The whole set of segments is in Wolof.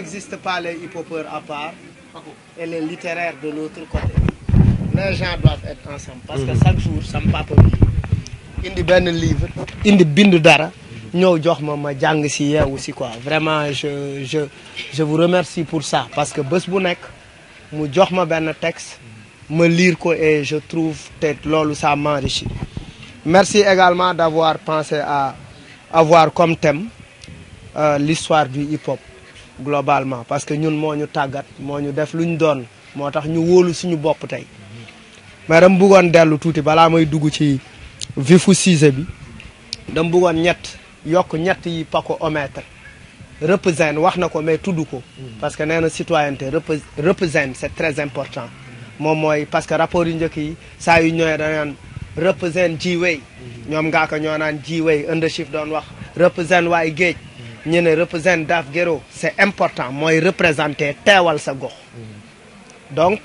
n'existe pas les hip hopers à part ah et les littéraires de l'autre côté. Les gens doivent être ensemble parce que mhm. chaque jour ça ne me indi pas. livre indi a dara livres, jox ma ma si quoi vraiment je je je vous remercie pour ça parce que bés bu nekk mu texte me lire quoi et je trouve peut-être ça m'enrichit merci également d'avoir pensé à avoir comme thème euh, l'histoire du hip-hop globalement parce que ñun moo ñu tàggat moo ñu def lu ñu doon moo tax ñu wóolu suñu bopp tey mais dama dellu tuuti balaa may dugg ci vifu Cissé bi dama bëggoon ñett yokk ñett yi Paco omettre représente wax na ko mais tudd ko parce que nee na citoyenneté représente c'est très important moom mooy parce que rapport yi njëkk yi saa yu ñëwee ji naan représente jiwey ñoom ngaa ko ñoo naan jiwey undershift doon wax représente waay géej ñu ne représente Daf Guéro c'est important mooy représenté teewal sa gox donc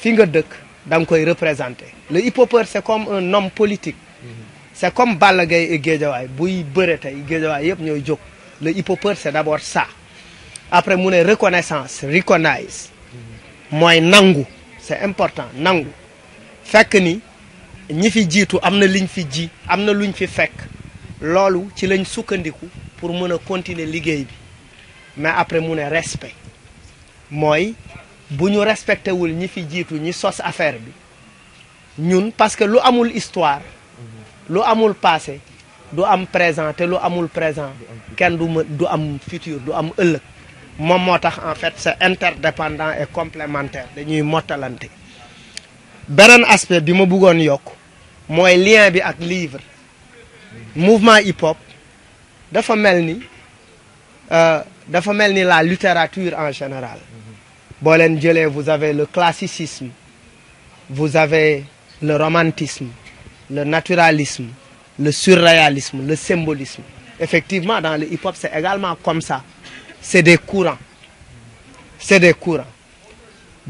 fi nga dëkk da koy représenté le hip-hopeur c'est comme un homme politique c'est comme Balla Gaye et Guédiawaye buy bëre tey Guédiawaye yëpp ñooy jóg le hip-hopeur c'est d'abord ça après mu ne reconnaissance recognize mooy nangu c'est important nangu fekk ni ñi fi jiitu am na liñ fi ji am na luñ fi fekk loolu ci lañ sukkandiku pour mën a continuer liggéey bi mais après mu respect moi, buñu respecter respecté wul ñi fi jitu ñi sos affaire bi ñun parce que lu amul histoire lu amul passé du am présent té lu amul présent kenn du du am futur du am ëlëk mom motax en fait c'est interdépendant et complémentaire dañuy mottalante beneen aspect bi ma bëggone yok moy lien bi ak livre mouvement hip hop euh, la littérature en général vous avez le classicisme vous avez le romantisme le naturalisme le surréalisme le symbolisme effectivement dans le hip-hop c'est également comme ça c'est des courants c'est des courants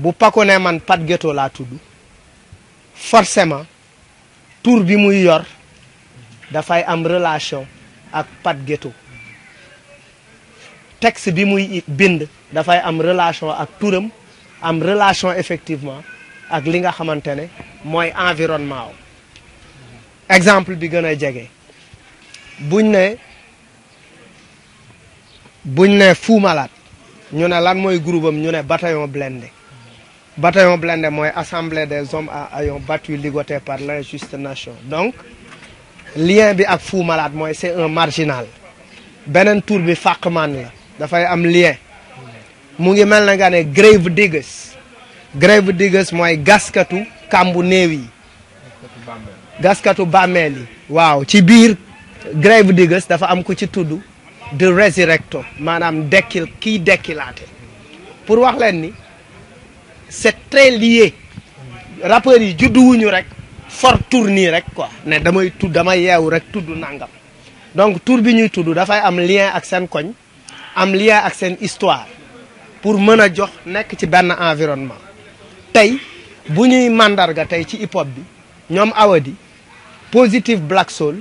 Si pas ne man de Ghetto tout forcément Tout le monde yor fay relation ak Pat texte bi muy bind am relation ak am relation effectivement ak li nga xamantene moy environnement exemple bi buñ Fou Malade ñu né lan groupe ñu né bataillon blindé bataillon moy assemblée des hommes à battu ligoté par l'injuste nation donc lien bi ak Fou Malade mooy c'est un marginal beneen tour bi fàqman la dafay am lien mu ngi mel na nga ne grave diggers grave diggers mooy gaskatu kàmbu néew yi gaskatu bàmmeel yi waaw ci biir grave diggers dafa am ku ci tudd de resurrecto maanaam dekkil kiy dekkilaate pour wax leen ni c'est très lié rappeurs yi judduwuñu rek for tur nii rek quoi ne damay tudd damay yeewu rek tudd nangam donc tur bi ñuy tudd dafay am lien ak seen koñ am lien ak seen histoire pour mën a jox nekk ci benn environnement tey bu ñuy màndarga tey ci hip bi ñoom Awadi Positive Black Soul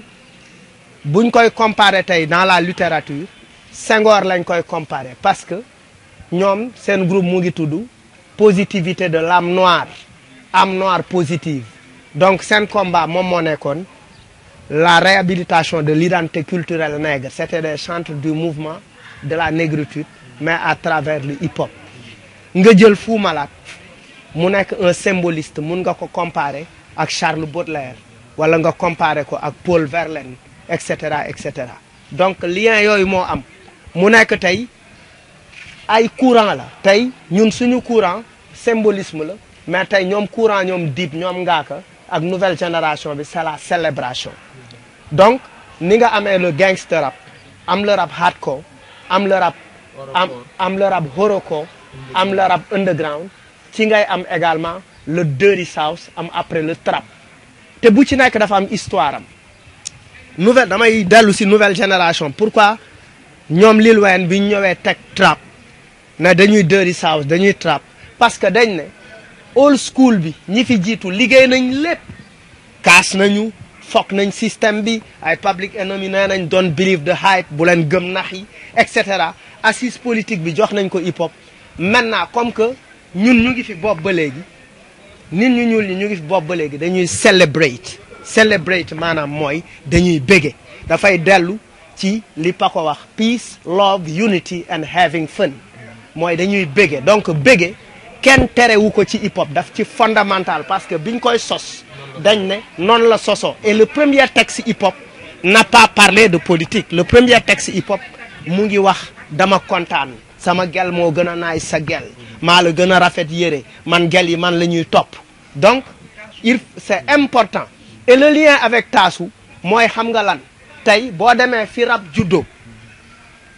buñ koy comparer tey dans la littérature Senghor lañ koy comparer parce que ñoom seen groupe mu ngi tudd positivité de l'âme noire âme noire positive donc seen combat moom moo nekkoon la réhabilitation de l'identité culturelle nègre c'était des chantres du mouvement de la négritude mais à travers le hip-hop nga jël Fou Malade mu nekk un symboliste mun nga ko comparer ak Charles Baudelaire wala nga comparer ko ak Paul Verlaine et cetera et cetera donc lien yooyu moo am mu nekk tey ay courant la tey ñun suñu courant symbolisme la mais tey ñoom courant ñoom diib ñoom ngaaka ak nouvelle génération bi c'est la célébration donc ni nga amee le gangster rap am le rap hardcore am le rap am am le rap horrorcore am le rap underground ci ngay am également le dirty south am après le trap te bu ci nekk dafa am histoire am nouvelle damay dellu si nouvelle génération pourquoi ñoom Lil Wayne bi ñëwee teg trap na dañuy dirty south dañuy trap parce que dañ ne old school bi ñi fi jiitu liggéey nañ lépp kaas nañu foog nañ système bi ay public enemy na nañ don't believe de hype bu leen gëm nax yi et cetera assise politique bi jox nañ ko hip hop maintenant comme que ñun ñu ngi fi bopp ba léegi nit ñu ñuul ñi ñu ngi fi bopp ba léegi dañuy celebrate celebrate maanaam mooy dañuy bége dafay dellu ci li Paco wax peace love unity and having fun mooy dañuy bége donc bége kenn terewu ko ci hip hop daf ci fondamental parce que biñ koy sos dañ Non la soso et le premier texte hip hop n'a pas parlé de politique le premier texte hip hop mu ngi wax dama kontaan sama gel mo gën a sa gel ma la gën rafet yere. man gel yi man la ñuy donc c'est important et le lien avec Tassou, moi xam nga lan tay bo démé fi rap judo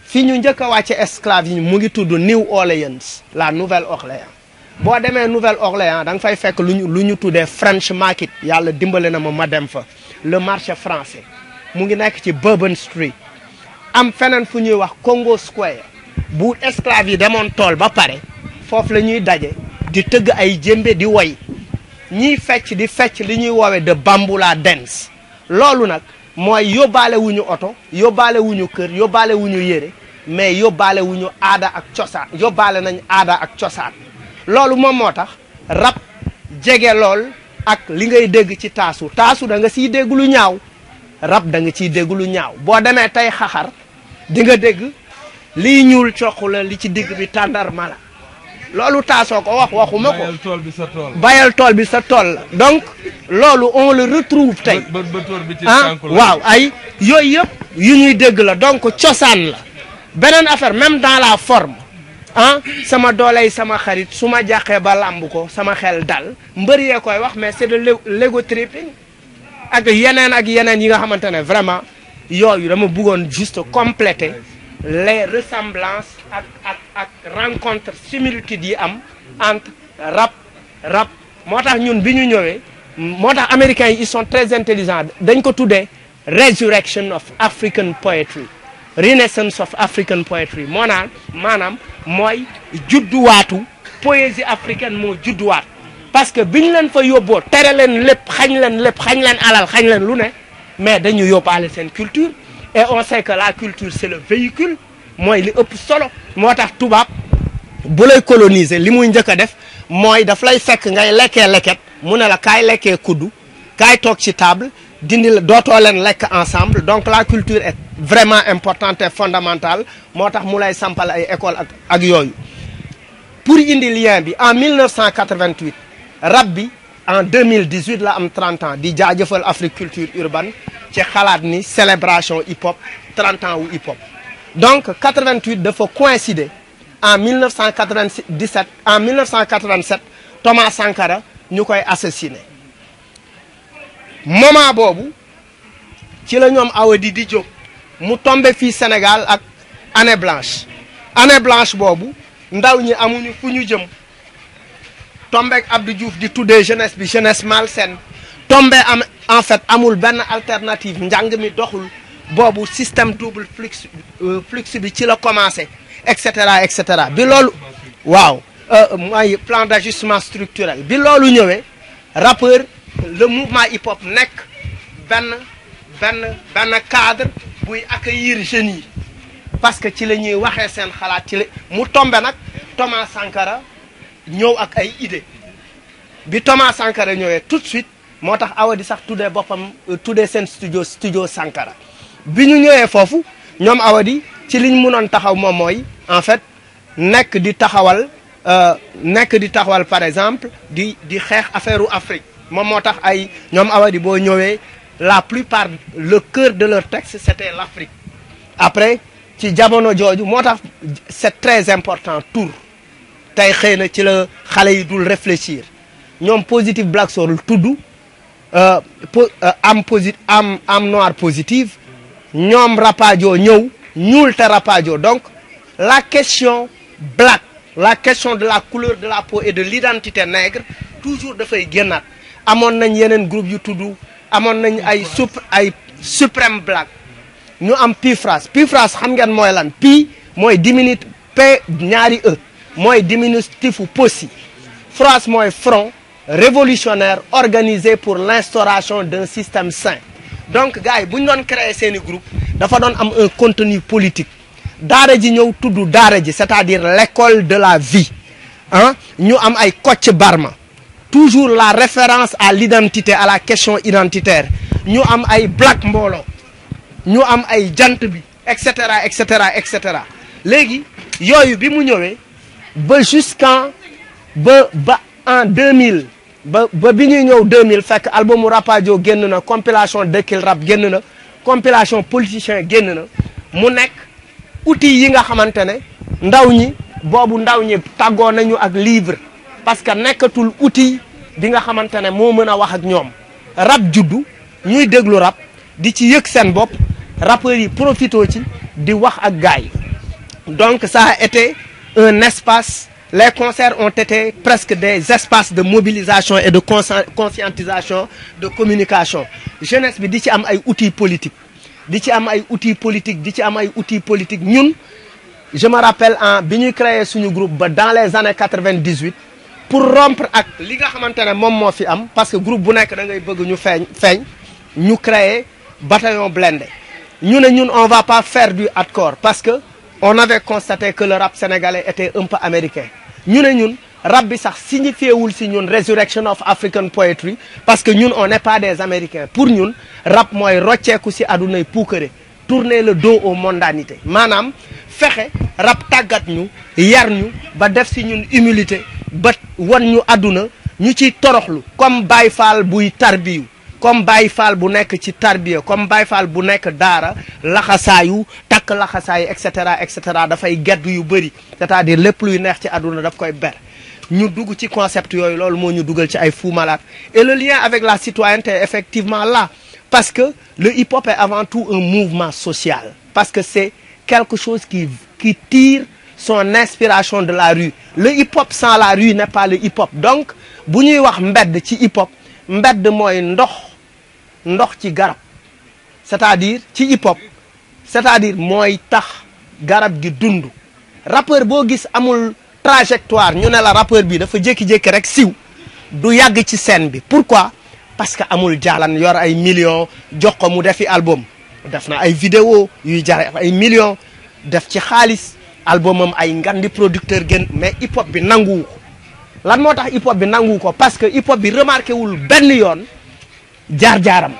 fi ñu njëkk a esclave esclaves mu ngi tuddu New Orleans la Nouvelle-Orléans boo demee Nouvelle-Orléans ah, da fay fekk lu ñu lu ñu tuddee French Market yàlla dimbale na ma ma dem fa le marché français mu ngi nekk ci Bourbon Street am feneen fu ñuy wax Congo Square bu esclave yi demoon tool ba pare foofu la ñuy daje di tëgg ay jëmbe di woy ñiy fecc di fecc li ñuy woowee de bamboula dance loolu nag mooy yóbbaale wu ñu oto yóbbaale wu ñu kër yóbbaale wu ñu yére mais yóbbaale wu ñu aada ak cosaan yóbbaale nañ aada ak cosaan loolu moom moo tax rab jege lool ak li ngay dégg ci taasu taasu da nga siy dégg lu ñaaw rab danga nga ciy dégg lu ñaaw boo demee tey xaxar dinga dégg liy ñuul coq la li ci digg bi tàndarma la loolu taasoo ko wax waxuma ko bayal tool bi sa tool bayal tool bi sa tool la donc loolu on le tey ah waaw ay yooyu yëpp yu ñuy dégg la donc cosaan la beneen affaire même dans la forme ah sama dooley sama xarit su ma jàqee ba làmb ko sama xel dal mbër yee koy wax mais c'est de l'ego tripping ak yeneen ak yeneen yi nga xamante ne vraiment yooyu dama bëggoon juste compléter les ressemblances ak ak ak rencontre similitudes di am entre rap rap moo tax ñun bi ñu ñëwee moo tax américains yi ils sont très intelligents dañ ko tuddee resurrection of African poetry renaissance of African poetry moo naan maanaam juddu judduwaatu poésie africaine juddu wat parce que biñ len fa yobbo téré len lepp xagn len lepp xagn len alal xagn len lu ne mais dañu yóbbaale sen culture et on sait que la culture c'est le véhicule moy li ëpp solo motax tax bu lay coloniser limuy ñëk def moy daf lay fekk ngay lekkee leket mu ne la kaay lekkee kuddu gens ci table la ensemble donc la culture est vraiment importante et fondamentale C'est tax sampal ay pour indi lien en 1988 Rabbi en 2018 la a 30 ans il di a Afrique culture urbaine C'est xalaat célébration hip hop 30 ans ou hip hop donc 88 faut coïncider en 1997 en 1987 Thomas Sankara nous été assassiné moment Bobu, ci la ñom awadi di djok mu tomber fi Sénégal ak année blanche année blanche Bobu, ndaw ñi amuñu fuñu ñu jëm tombeek Abdou Diouf di tuddee jeunesse bi jeunesse malsaine am en fait amul ben alternative njàng mi doxul bobu système double flux euh, flux bi ci la commencé et cetera et cetera bi loolu waaw euh, plan d'ajustement structurel bi loolu ñëwé rappeur le mouvement hip-hop nek ben ben ben cadre pour accueillir jeunes parce que ci lañuy ñuy sen seen xalaat ci mu tomber nak Thomas Sankara ñëw ak ay idée bi Thomas Sankara ñëwee tout de suite motax awadi sax tudé bopam euh, tudé sen studio studio Sankara bi ñu ñëwee fofu ñom awadi ci liñ mënon taxaw moom moy en fait nek di taxawal euh, nek di taxawal par exemple di di xeex affaireu Afrique moom moo ay ñoom awadi boo la plupart le cœur de leur texte c'était l'Afrique après ci jamono jooju moo c'est très important tour tey xëy ci la xale yi dul réfléchir ñoom Positive Black Soul tudd euh, euh, am posi am am noir positive ñoom rapajo ñëw ñuul te rapajo donc la question black la question de la couleur de la peau et de l'identité nègre toujours fait génnaat amoon yenen groupe yu tudd amoon nañ ay sup ay suprême black ñu am pifras phrase phrase xam ngeen moy lan pi mooy diminute p ñaari e mooy diminutif u possi phrase moy front révolutionnaire organisé pour l'instauration d'un système sain donc gars buñ doon créer sen groupe dafa doon am un contenu politique daara ji ñëw tudd daara ji c'est-à-dire l'école de la vie Hein. ñu am ay coach Barma toujours la référence à l'identité à la question identitaire ñu am ay black mbooloo ñu am ay jant bi et cetera et cetera et cetera léegi yooyu bi mu ñëwee ba jusqu'en ba ba en ba ba bi ñuy ñëw 2000 fekk albumu Rapadio génn na compilation Dekil Rap génn na compilation politicien génn na mu nekk outil yi nga xamante ne ndaw ñi boobu ndaw ñi tàggoo nañu ak livre parce que nekkatul outil bi nga xamante mo meuna wax ak ñom rap, juddu ñuy déglu rap, di ci yek sen bop rappeurs yi profito ci di wax ak gaay donc ça a été un espace les concerts ont été presque des espaces de mobilisation et de conscientisation de communication jeunesse bi di ci am ay outils politiques di ci am ay outils politiques di ci am ay outils politiques ñun je me rappelle en bi créer suñu groupe ba dans les années 98 pour rompre avec li nga xamante fi am parce que groupe bu fait da ngay bëgg ñu nous avons ñu créer bataillon blindé Nous, ne ñun va pas faire du hardcore parce que on avait constaté que le rap sénégalais était un peu américain Nous, ne rap bi signifie signifié wul si ñun resurrection of African poetry parce que nous, on n'est pas des américains pour le rap est un à adunay puukare tourner le dos aux mondanités manam, faire rap tagat ñu hier ñu ba def si ñun humilité ba wan ñu aduna ñu ci toroxlu comme Baye Fall buy tarbiyu comme Baye Fall bu nek ci tarbiya comme Baye Fall bu nek dara laxasaayu tak laxasaayu et cetera et cetera fay geddu yu bari c'est-à-dire lepp luy neex ci aduna daf koy ber ñu dugg ci concept yoy loolu mo ñu duggal ci ay Fou Malade et le lien avec la citoyenneté est effectivement là parce que le hip-hop est avant tout un mouvement social parce que c'est quelque chose qui qui tire son inspiration de la rue le hip-hop sans la rue n'est pas le hip-hop donc bu ñuy wax mbedd ci hip-hop mbedd mooy ndox ndox ci garab c'est-à-dire ci hip-hop c'est-à-dire mooy tax garab gi dund rappeur boo gis amul trajectoire ñu ne la rappeur bi dafa jékki-jékki rek siw du yag ci scène bi pourquoi parce que amul jaalan yor ay millions jox ko mu defi album def na ay vidéo yu jar ay millions def ci xaalis albumam ay ngandi producteur gen mais hip hop bi nanguwu lan motax hip hop bi nanguwu ko parce que hip hop bi remarqué wul benn yoon jaar-jaaram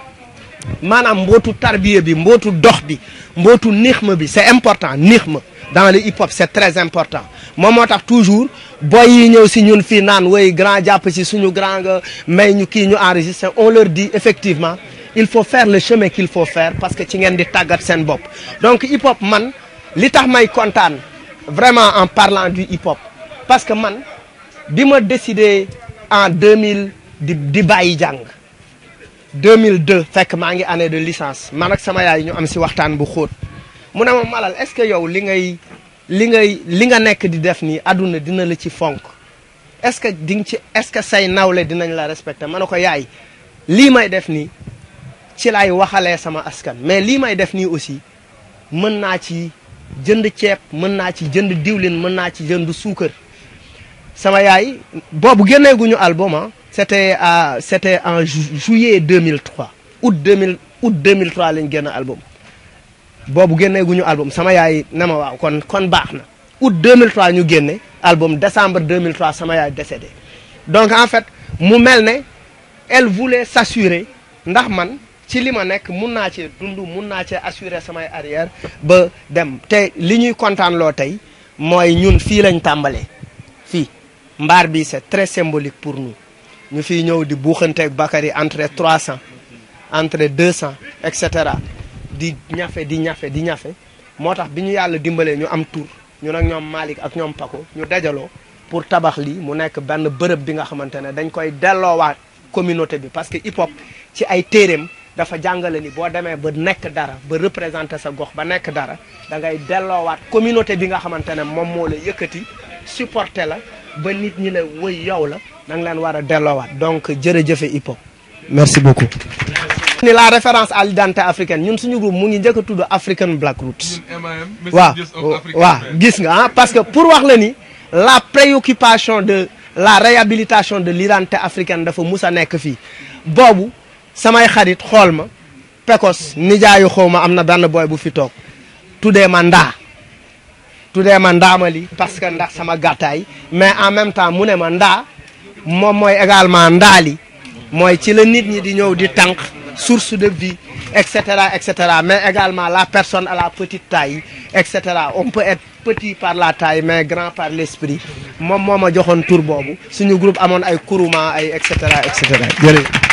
maanaam mbootu tarbiya bi mbotu dox bi mbotu nixma bi c'est important nixma dans le hip hop c'est très important moom motax toujours boy yi ñew si ñun fi nan way grand japp ci suñu grand mais may ñu ki ñu enregistrer on leur dit effectivement il faut faire le chemin qu'il faut faire parce que ci ngeen di tagat sen bop donc hip hop man li tax may contane vraiment en parlant du hip-hop parce que man bi ma décidé en 2000 di di 2002 fait que ngi année de licence man ak sama yaay ñu am si waxtaan bu xóot mu ne Malal est-ce que yow li ngay li ngay li nga nekk di def ni aduna dina la ci fonk est-ce que di ci est-ce que say nawle dinañ la respecter ma ko yaay li may def ni ci lay waxale sama askan mais li may def ni aussi meuna ci jënd ceeb mën naa ci jënd diwlin ci jënd album ah, c'était à en juillet 2003 août 2000 août 2003 lañ album boobu génnee album sama yaay na kon kon 2003 album décembre 2003 décédé donc en fait mu elle voulait s'assurer ndax ci li ma nekk mun naa cee dund mun naa cee assurer samay arrière ba dem te li ñuy kontaan loo tey mooy ñun fii lañ tàmbalee fii mbaar bi c'est très symbolique pour nous ñu fiy ñëw di buuxanteeg Bakary entre 300 entre 200 et cetera di ñafe di ñafe di ñafe moo tax bi ñu yàlla dimbalee ñu am tur ñu ak ñoom Malick ak ñoom Paco ñu dajaloo pour tabax lii mu nekk benn bërëb bi nga xamante ne dañ koy delloowaat communauté bi parce que hip hop ci ay téeréem dafa jàngale ni boo demee ba nekk dara ba représenté sa gox ba nekk dara da ngay delloowaat communauté bi nga xamante ne moom moo la yëkkati supporté la ba nit ñi ne wëy yow la da nga leen war a delloowaat donc jërëjëfe hip hop merci beaucoup ni la référence à l'identité africaine ñun suñu groupe mu ngi njëkk a tudd African Black Roots waaw gis nga ah, parce que pour wax la ni la préoccupation de la réhabilitation de l'identité africaine dafa mus a nekk fii boobu sama xarit xool ma pekos nijaayu xaw amna boy bu fi tok parce que ndax sama gataay mais en même temps je ne tank moy également ndali moy ci la nit ñi source de vie etc. etc mais également la personne à la petite taille etc. on peut être petit par la taille mais grand par l'esprit mom moma ma tour bobu suñu groupe amone ay kuruma ay